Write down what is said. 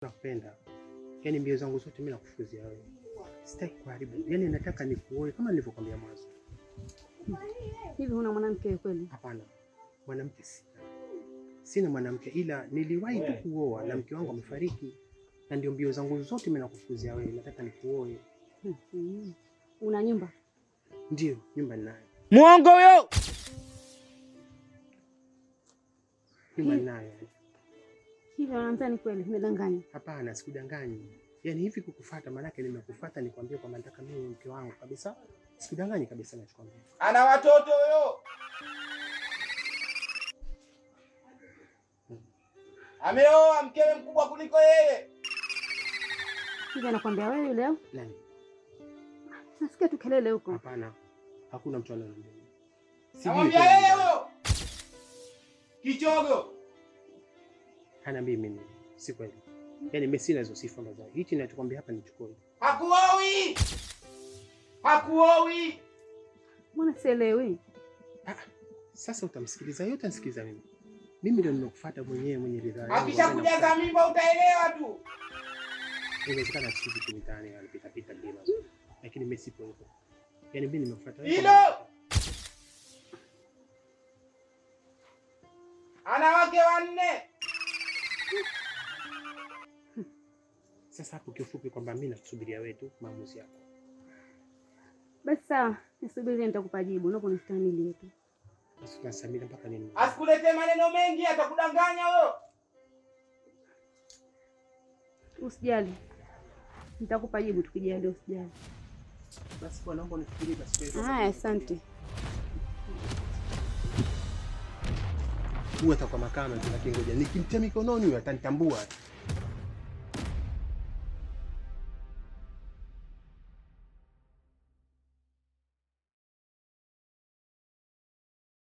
Nakupenda. yani mbio zangu zote mimi nakufukuzia wewe. Sitaki kuharibu. Yani nataka nikuoe kama nilivyokuambia mwanzo. Hivi una mwanamke kweli? Hapana. Mwanamke sina. Sina mwanamke ila niliwahi tu kuoa na mke wangu amefariki. Na ndio mbio zangu zote mimi nakufukuzia wewe. Nataka nikuoe. Hmm. Una nyumba? Ndio, nyumba ninayo. Muongo huyo. Nyumba ninayo. Yaani. Hivi unadhani kweli nimedanganya? Hapana, sikudanganyi. Yaani hivi kukufuata maana yake nimekufuata nikwambia kwamba nataka mimi mke wangu kabisa. Sikudanganyi kabisa nachokwambia. Ana watoto huyo. Ameoa mkewe mkubwa kuliko yeye. Hivi anakwambia wewe leo. Nani? Nasikia tu kelele huko. Hapana. Hakuna mtu ananiambia. Sijui. Yeye huyo. Kichogo hana mimi mimi, si kweli. Yaani mimi sina hizo sifa ambazo. Hichi ninachokwambia hapa nichukue. Hakuoi. Hakuoi. Mbona sielewi? Ah, sasa utamsikiliza yeye, utamsikiliza mimi. Mimi ndio nimekufuata mwenyewe mwenye ridhaa yangu. Akishakujaza mimba utaelewa tu. Inawezekana sisi tumitaani anapita pita pita bila. Lakini mimi sipo huko. Yaani mimi nimekufuata wewe. Hilo. Anawake wanne. Sasa hapo kiufupi, kwamba mimi nakusubiria wewe tu maamuzi yako. Basi sawa, nisubiri, nitakupa jibu na kunistahimili tu. Asikusamili mpaka nini? Asikuletee maneno mengi, atakudanganya wewe. Usijali, nitakupa jibu tukijali, usijali. Basi kwa naomba unifikirie basi. Haya, asante. Huwa atakuwa makana, lakini ngoja nikimtia mikononi atanitambua.